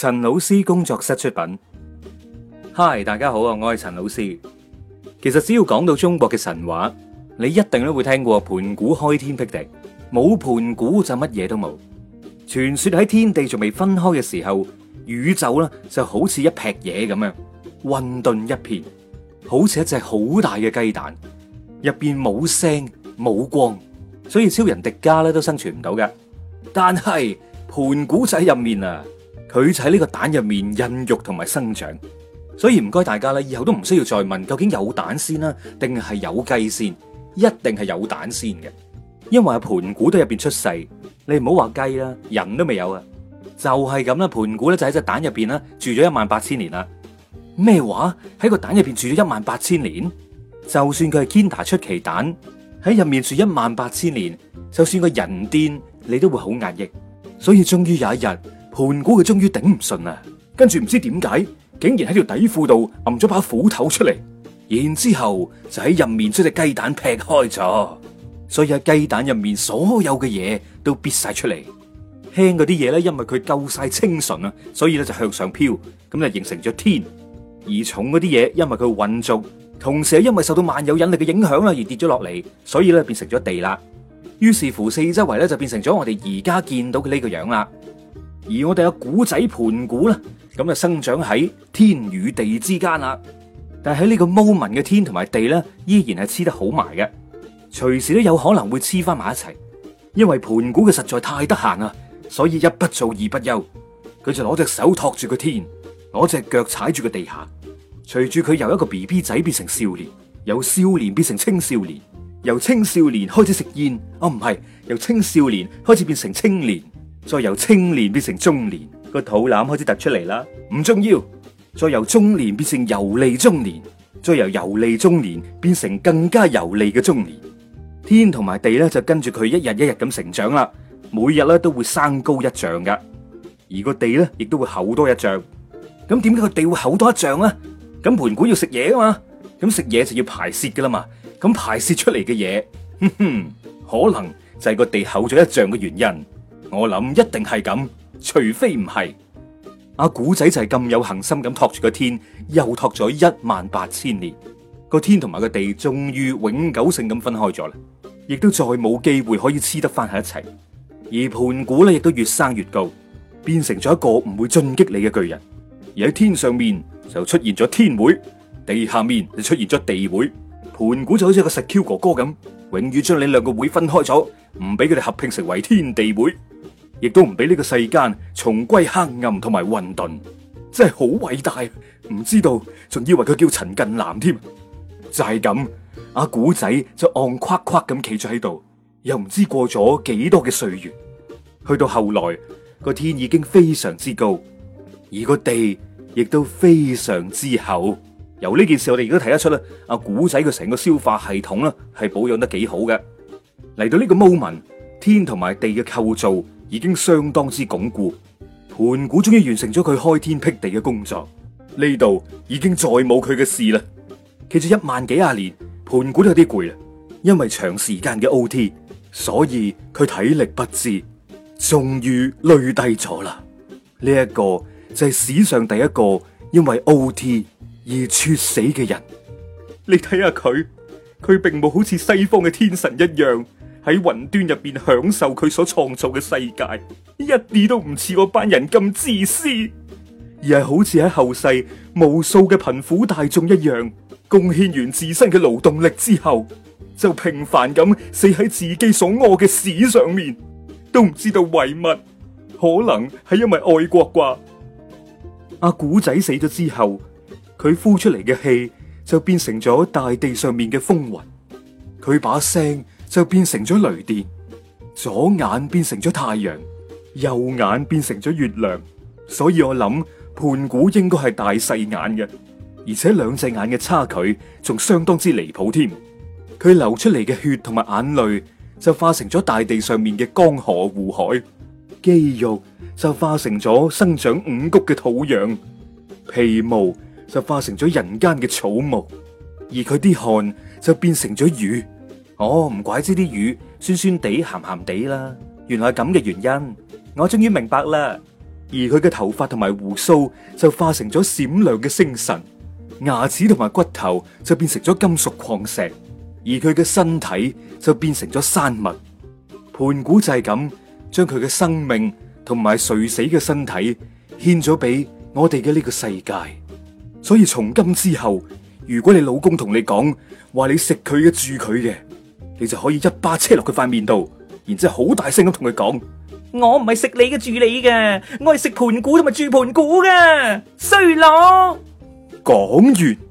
陳老師工作室出品。Hi，大家好啊，我係陳老師。其實只要講到中國嘅神話，你一定都會聽過盤古開天闢地。冇盤古就乜嘢都冇。傳說喺天地仲未分開嘅時候，宇宙呢就好似一劈嘢咁樣混沌一片，好似一隻好大嘅雞蛋，入邊冇聲冇光，所以超人迪迦咧都生存唔到嘅。但係盤古仔入面啊～佢就喺呢個蛋入面孕育同埋生長，所以唔該大家咧，以後都唔需要再問究竟有蛋先啦，定係有雞先？一定係有蛋先嘅，因為盤古都入邊出世。你唔好話雞啦，人都未有啊，就係咁啦。盤古咧就喺隻蛋入邊啦，住咗一萬八千年啦。咩話喺個蛋入邊住咗一萬八千年？就算佢係 Kinder 出奇蛋喺入面住一萬八千年，就算個人癲，你都會好壓抑。所以終於有一日。盤古佢終於頂唔順啦，跟住唔知點解，竟然喺條底褲度揞咗把斧頭出嚟，然之後就喺入面將隻雞蛋劈開咗，所以喺雞蛋入面所有嘅嘢都咇晒出嚟，輕嗰啲嘢咧，因為佢夠晒清純啦，所以咧就向上飄，咁就形成咗天；而重嗰啲嘢，因為佢渾濁，同時又因為受到萬有引力嘅影響啦，而跌咗落嚟，所以咧變成咗地啦。於是乎，四周圍咧就變成咗我哋而家見到嘅呢個樣啦。而我哋有古仔盤古啦，咁就生長喺天與地之間啦。但係喺呢個 moment 嘅天同埋地咧，依然係黐得好埋嘅，隨時都有可能會黐翻埋一齊。因為盤古佢實在太得閒啊，所以一不做二不休，佢就攞隻手托住個天，攞隻腳踩住個地下。隨住佢由一個 BB 仔變成少年，由少年變成青少年，由青少年開始食煙，啊，唔係，由青少年開始變成青年。再由青年變成中年，個肚腩開始突出嚟啦，唔重要。再由中年變成油膩中年，再由油膩中年變成更加油膩嘅中年。天同埋地咧就跟住佢一日一日咁成長啦，每日咧都會生高一丈嘅，而個地咧亦都會厚多一丈。咁點解個地會厚多一丈啊？咁盤古要食嘢啊嘛，咁食嘢就要排泄噶啦嘛，咁排泄出嚟嘅嘢，哼哼，可能就係個地厚咗一丈嘅原因。我諗一定係咁，除非唔係，阿、啊、古仔就係咁有恒心咁托住個天，又托咗一萬八千年，個天同埋個地終於永久性咁分開咗啦，亦都再冇機會可以黐得翻喺一齊。而盤古咧亦都越生越高，變成咗一個唔會進擊你嘅巨人，而喺天上面就出現咗天會，地下面就出現咗地會，盤古就好似個石 Q 哥哥咁，永遠將你兩個會分開咗。唔俾佢哋合併成為天地會，亦都唔俾呢個世間重歸黑暗同埋混沌，真係好偉大。唔知道仲以為佢叫陳近南添，就係咁。阿古仔就戇誇誇咁企咗喺度，又唔知過咗幾多嘅歲月，去到後來個天已經非常之高，而個地亦都非常之厚。由呢件事我哋亦都睇得出咧，阿古仔佢成個消化系統咧係保養得幾好嘅。嚟到呢個 moment，天同埋地嘅構造已經相當之鞏固，盤古終於完成咗佢開天辟地嘅工作。呢度已經再冇佢嘅事啦。企咗一萬幾廿年，盤古都有啲攰啦，因為長時間嘅 O T，所以佢體力不支，終於累低咗啦。呢一個就係史上第一個因為 O T 而猝死嘅人。你睇下佢，佢並冇好似西方嘅天神一樣。喺雲端入邊享受佢所創造嘅世界，一啲都唔似嗰班人咁自私，而係好似喺後世無數嘅貧苦大眾一樣，貢獻完自身嘅勞動力之後，就平凡咁死喺自己所屙嘅屎上面，都唔知道為乜，可能係因為愛國啩？阿、啊、古仔死咗之後，佢呼出嚟嘅氣就變成咗大地上面嘅風雲，佢把聲，就變成咗雷電，左眼變成咗太陽，右眼變成咗月亮。所以我諗盤古應該係大細眼嘅，而且兩隻眼嘅差距仲相當之離譜添。佢流出嚟嘅血同埋眼淚就化成咗大地上面嘅江河湖海，肌肉就化成咗生長五穀嘅土壤，皮毛就化成咗人間嘅草木，而佢啲汗就變成咗雨。我唔怪之啲魚酸酸地、鹹鹹地啦，原來係咁嘅原因，我終於明白啦。而佢嘅頭髮同埋鬍鬚就化成咗閃亮嘅星辰，牙齒同埋骨頭就變成咗金屬礦石，而佢嘅身體就變成咗山脈。盤古就係咁，將佢嘅生命同埋垂死嘅身體獻咗俾我哋嘅呢個世界。所以從今之後，如果你老公同你講話，你食佢嘅住佢嘅，你就可以一巴車落佢塊面度，然之後好大聲咁同佢講：我唔係食你嘅住你嘅，我係食盤古同埋住盤古嘅衰佬。講完。